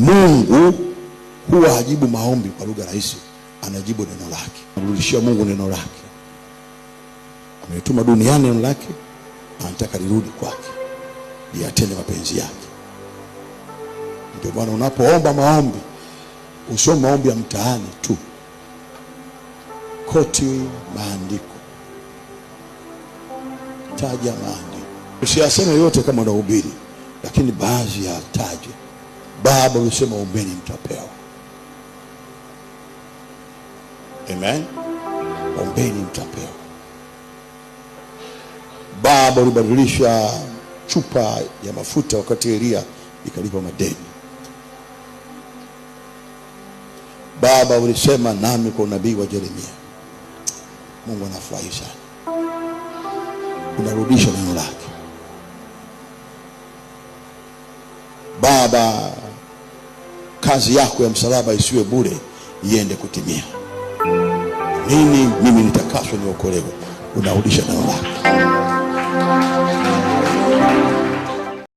Mungu huwa hajibu maombi kwa lugha rahisi, anajibu neno lake. anarudishia Mungu neno lake, ametuma duniani neno lake, anataka lirudi kwake liyatende mapenzi yake. Ndio maana unapoomba maombi usio maombi ya mtaani tu, koti maandiko, taja maandiko, usiyaseme yote kama unahubiri, lakini baadhi ya taje Baba ulisema umbeni mtapewa. Amen, ombeni mtapewa. Baba ulibadilisha chupa ya mafuta wakati Elia ikalipa madeni. Baba ulisema nami kwa unabii wa jeremia Mungu anafurahi sana, unarudisha neno lake Baba kazi yako ya msalaba isiwe bure, iende kutimia. Nini mimi nitakaswa niokolewe? Unarudisha neno lako.